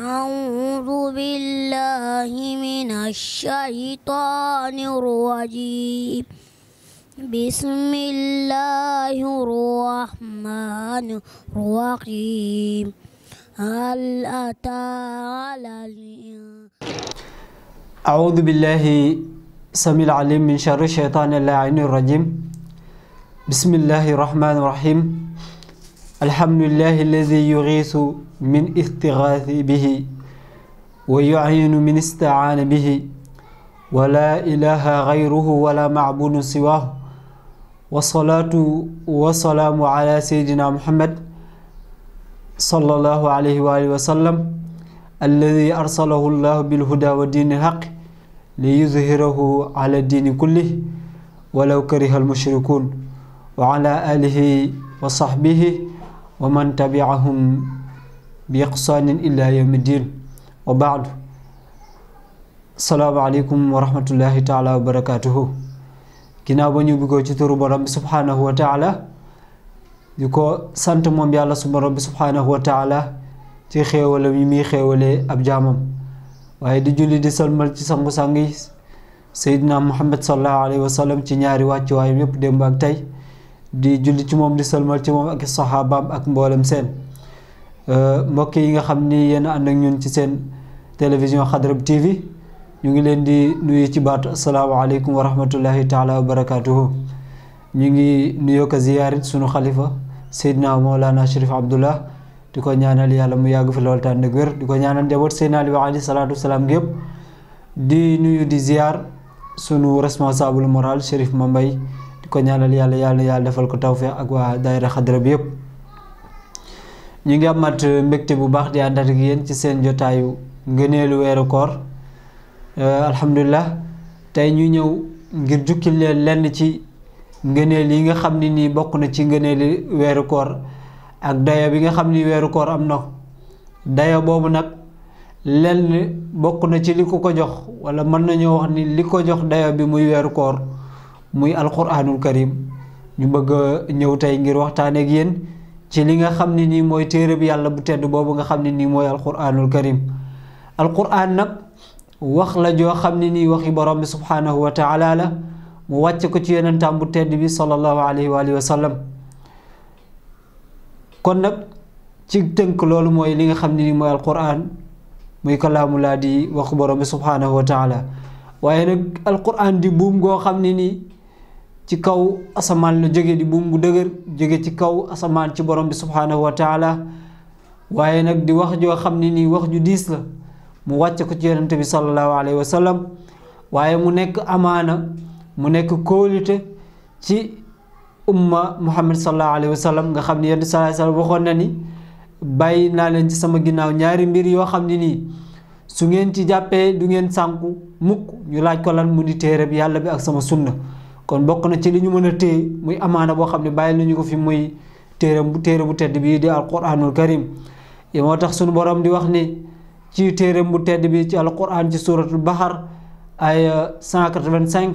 أعوذ بالله من الشيطان الرجيم بسم الله الرحمن الرحيم هل أتى على أعوذ بالله سميع العليم من شر الشيطان اللعين الرجيم بسم الله الرحمن الرحيم الحمد لله الذي يغيث من استغاث به ويعين من استعان به ولا إله غيره ولا معبود سواه والصلاة والسلام على سيدنا محمد صلى الله عليه وآله وسلم الذي أرسله الله بالهدى والدين الحق ليظهره على الدين كله ولو كره المشركون وعلى آله وصحبه wa man tabiahum bi ixsaanin ila yowm ddin wa baado asalaamaaleykum wa rahmatullahi taala wa barakatuhu ginnaaw ba ñu bëggoo ci turu borom bi subhaanahu wa taala di ko sant moom yàlla su borom bi subhaanahu wa taala ci xéewalam yi muy xéewalee ab jaamam waaye di julli di salmal ci sangu-sang yi seydina muhammad sallallahu alayhi wa sallam ci ñaari wàcc waayam yépp démb ak tey di julli ci moom di salmal ci moom ak saxaabaam ak mboolem seen euh, mbokk yi nga xam ni yéen ànd ak ñun ci seen télévision xadrab tv ñu ngi leen di nuyu ci baatu asalaamaaleykum wa rahmatullahi taala wa barakaatuhu ñu ngi nuyoo ko ziyaarit sunu xalifa Seydina Mawlana Chérif Abdullah di ko ñaanal yàlla mu yàgg fi lool tànn ak wér di ko ñaanal njaboot Seydina Ali wa alayhi salaatu wasalaam gi di nuyu di ziyaar sunu responsable moral ma mbay ko ñaanal yàlla yàlla yàlla defal ko tawféex ak waa daayira xadra bi yëpp ñu ngi amat euh, mbégte bu baax di ànd ak ci seen jotaayu ngëneelu weeru koor euh, alhamdulilah tey ñu ñëw ngir jukki leen lenn ci ngëneel yi nga xam ni nii bokk na ci ngëneeli weeru koor ak dayo bi nga xam ni weeru koor am na dayo boobu nag lenn bokk na ci li ko ko jox wala mën nañoo wax ni li ko jox dayo bi muy weeru koor muy alquranul karim ñu bëgg ñëw tey ngir waxtaaneek ak yéen ci li nga xam ne nii mooy téere bi yàlla bu tedd boobu nga xam ne nii mooy alquranul karim alquran nag wax joo xam ne nii waxi borom bi subhaanahu mu wàcc ko ci yonentam bu tedd bi sallallahu alayhi wa alihi wa sallam kon nag ci tënk loolu mooy li nga xam ne nii mooy muy kalaamu di wax borom bi subhaanahu wa waaye nag alquran di buum goo xam ne nii ci kaw asamaan la jóge di buum bu dëgër jóge ci kaw asamaan ci borom bi subhaanahu wa taala waaye nag di wax joo xam ne nii wax ju diis la mu wàcce ko ci yonente bi sallallahu alayhi wa sallam waaye mu nekk amaana mu nekk kóolute ci umma muhammad sallallahu alayhi wa sallam nga xam ne yonente waxoon na ni bàyyi naa leen ci sama ginnaaw ñaari mbir yoo xam ne nii su ngeen ci jàppee du ngeen sànku mukk ñu laaj ko lan mu di téere yàlla bi ak sama sunna kon bokk na ci li ñu mën a téye muy amaana boo xam ne bàyyil nañu ko fi muy téere bu téere bu tedd bi di alquranul karim yi moo tax sunu boroom di wax ni ci téere bu tedd bi ci alquran ci suratul bahar ay 185 euh,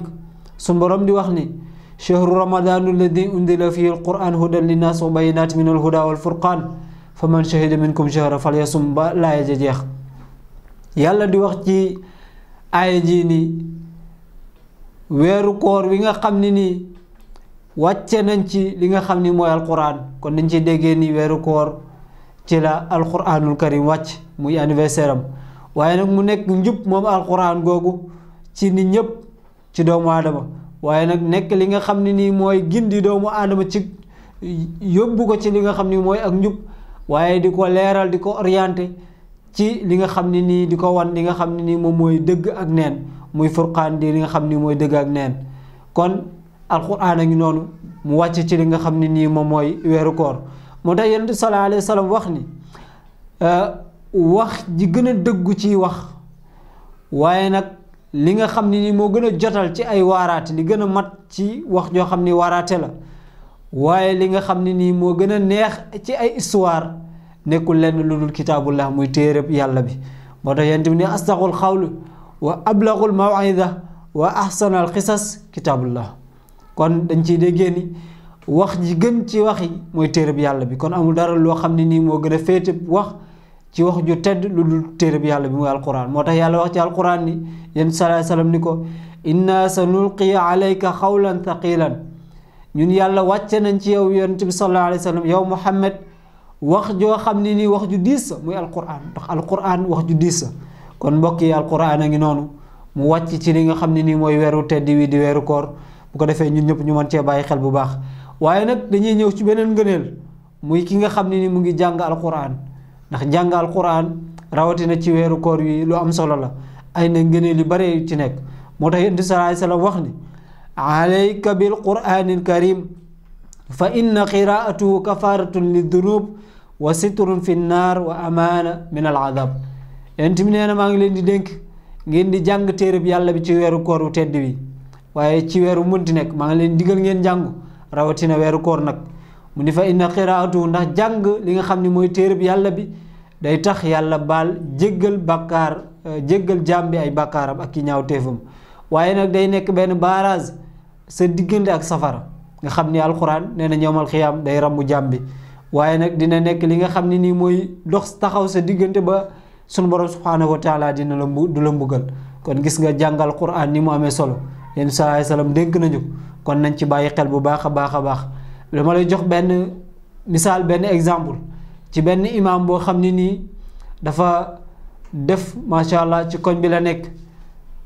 sunu borom di wax ni chahru ramadanu alladi undila fihi alquran hudan linnas wa bayinat min alhuda walfurqan fa man shahida minkum chahra falyasum ba laa ja jeex yàlla di wax ci aaya ji ni weeru koor wi nga xam ne nii wàcce nañ ci li nga xam ni mooy alquran kon nañ ci déggee ni weeru koor ci la alquranul karim wàcc muy anniversaire am waaye nag mu nekk njub moom alxuraan googu ci ni ñëpp ci doomu aadama waaye nag nekk li nga xam ne nii mooy gindi doomu aadama ci yóbbu ko ci li nga xam ni mooy ak njub waaye di ko leeral di ko orienté ci li nga xam ne nii di ko wan li nga xam ne nii moom mooy dëgg ak neen muy furqaan di li nga xam ni mooy dëgg ak neen kon alquran a ngi noonu mu wàcc ci li nga xam ne nii moom mooy weeru koor moo tax yonent sallallahu alayhi wa sallam wax ni euh, wax ji gën a dëggu ci wax waaye nag li nga xam ne nii moo gën a jotal ci ay waaraate li gën a mat ci wax joo xam ni waraate la waaye li nga xam ne nii moo gën a neex ci ay histoire nekkul lenn lu dul kitaabullah muy téereb yàlla bi moo tax yonent bi ne astaxul xawlu wa ablagul mawida wa ahsanal xisas kitaabullah kon dañ ciy déggee ni wax ji gën ci waxi mooy téereb yàlla bi kon amul dara loo xam ne nii moo gën a féete wax ci wax ju tedd lu dul téereb yàlla bi mooy alquran moo tax yàlla wax ci alquran ni yéen salaay salaam ni ko sa nulqi alayka xawlan ñun yàlla wàcce nañ ci yow yonent bi sallallahu alayhi wa sallam yow muhammad wax joo xam ne nii wax ju diis sa muy alquran ndax alquran wax ju diis sa kon mbokk yi alquran ngi nonu mu wacc ci li nga xamni ni moy wéru teddi wi di wéru koor bu ko defé ñun ñëpp ñu mën ci bàyyi xel bu baax waye nak dañuy ñëw ci benen ngeenel muy ki nga xamni ni mu ngi jang alquran ndax jang alquran rawatina ci wéru koor wi lu am solo la ay na ngeenel yu bare ci nek moo tax sallallahu alayhi wax ni alayka bil qur'anil karim fa inna qiraatuhu kafaratun lidhunub wa sitrun fin nar wa amana min al adab yonent bi nee na maa ngi leen di dénk ngeen di jàng téere bi yàlla bi ci wéru koor wu tedd bi waye ci wéru munti nek maa ngi leen digal ngeen rawati rawatina wéru koor nak muni ni fa inna qira'atu ndax jang li nga xamni moy mooy bi yàlla bi day tax yalla bal jéggal bàkkaar euh, jéggal jambi ay bàkkaaram ak ki ñaaw tefum waye nak day nek ben barrage sa diggante ak safara nga xamni ni alxuraan ñoomal day ramu jambi waye nak dina nek li nga xamni ni moy dox taxaw sa diggante ba sunu borom subhanahu wa taala dina la du la mbugal kon gis nga jangal quran ni mo amé solo yeen saa salam dénk nañu kon nañ ci baye xel bu baakha baakha baax a lay jox ben misal ben exemple ci ben imam bo xamni ni dafa def sha allah ci koñ bi la nek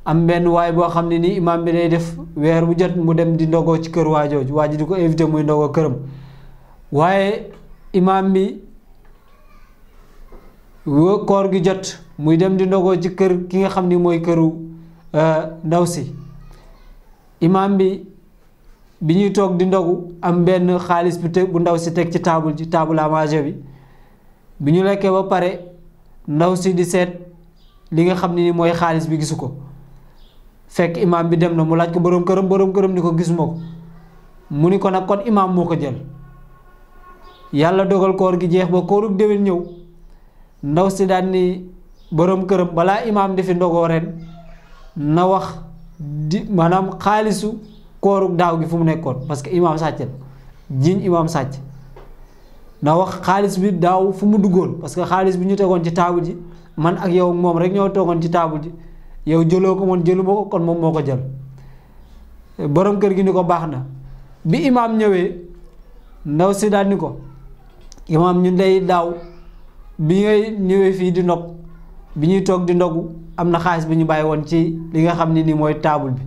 am ben way bo xamni ni imam bi lay def wer bu jot mu dem di ndogo ci keur wajjo waa diko di muy ndogo keuram waye imam bi koor gi jot muy dem di ndogoo ci kër ki nga xam ni mooy këru euh, ndaw si imaam bi bi ñuy toog di ndogu am benn xaalis bu teg bu ndaw si teg ci taabul ci taabul bi bi ñu lekkee ba pare ndaw si di seet li nga xam ni mooy xaalis bi gisu ko fekk imaam bi dem na mu laaj ko boroom këram boroom këram ni ko gisuma ko mu ni ko nag kon imaam moo ko jël yàlla dogal koor gi jeex ba koorug déwén ñëw ndaw si daan ni borom këram balaa imaam di fi ndogoo na wax di maanaam xaalisu kooru daaw gi fu mu nekkoon parce que imaam sàcc la jiñ imaam sàcc na wax xaalis bi daaw fu mu duggoon parce que xaalis bi ñu tegoon ci taabu ji man ak yow moom rek ñoo toogoon ci taabu ji yow jëloo ko moon jëluma ko kon moom moo ko jël borom kër gi ni ko baax na bi imaam ñëwee ndaw si daal ni ko imaam ñun day daaw bi ngay ñëwé fi di nok bi ñuy tok di ndogu am na bi ñu bàyyi won ci li nga xamni ni moy table bi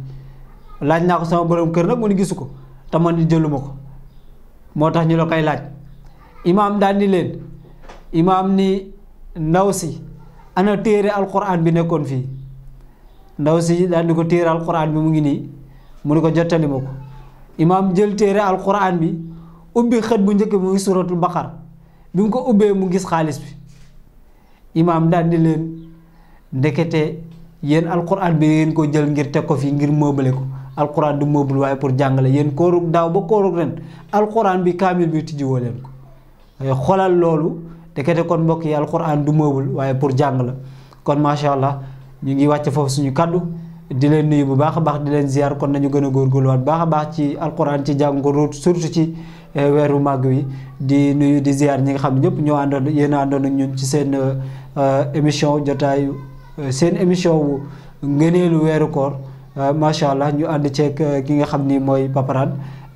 laaj naa ko sama borom kër nak mo ni gisuko ta man di ñu la laaj imam dal ni leen imam ni ndawsi ana téré alquran bi nekkon fi ndawsi dal ni ko téré alquran bi mu ngi ni mu ni ko jottali mako imam jël téré alquran bi ubbi xet bu ñëk mu ngi suratul baqara bi mu ko ubbe mu gis xaaliss bi imaam daal di leen ndekete yéen alquran bi ngeen ko jël ngir teg ko fii ngir meuble ko alquran du meuble waaye pour jàngale yéen koorug daaw ba koorug ren alquran bi kaamil bi tijjiwoo leen ko eh, xoolal loolu ndekete kon mbokk yi du meuble waaye pour jàng la kon macha allah ñu ngi wàcc foofu suñu kàddu di leen nuyu bu baax a baax di leen ziar kon nañu gën a góorgóorluwaat baax a baax ci alquran ci jàng ko surtout ci. Eh, weeru màgg wi di nuyu di ziar ñi nga xam ne ñëpp ñoo àndoon yéen àndoon ak ñun ci seen eh, émission jotaayu eh, seen émission wu ngëneelu weeru koor macha allah ñu ànd ceeg ki nga xam ni mooy paparaan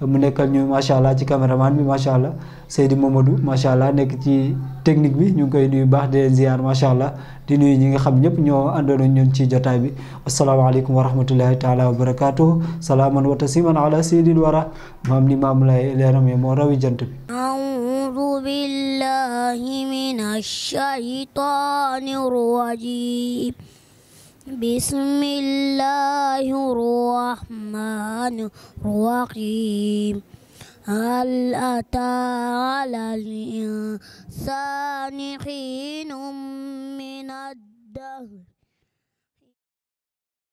mu nekkal ñu jika allah ci caméraman bi macha allah Seydi Mamadou macha allah nekk ci technique bi ñu koy nuyu di leen ziar macha allah di nuyu ñi nga xam ñëpp ñoo àndoon ñun ci jotaay bi asalaamaaleykum wa rahmatullahi taala wa barakaatuhu salaaman wa tasiman ala seydil wara maam ni maam lay leeram ya, moo rawi jant bi بسم الله الرحمن الرحيم هل أتى على الإنسان حين من الدهر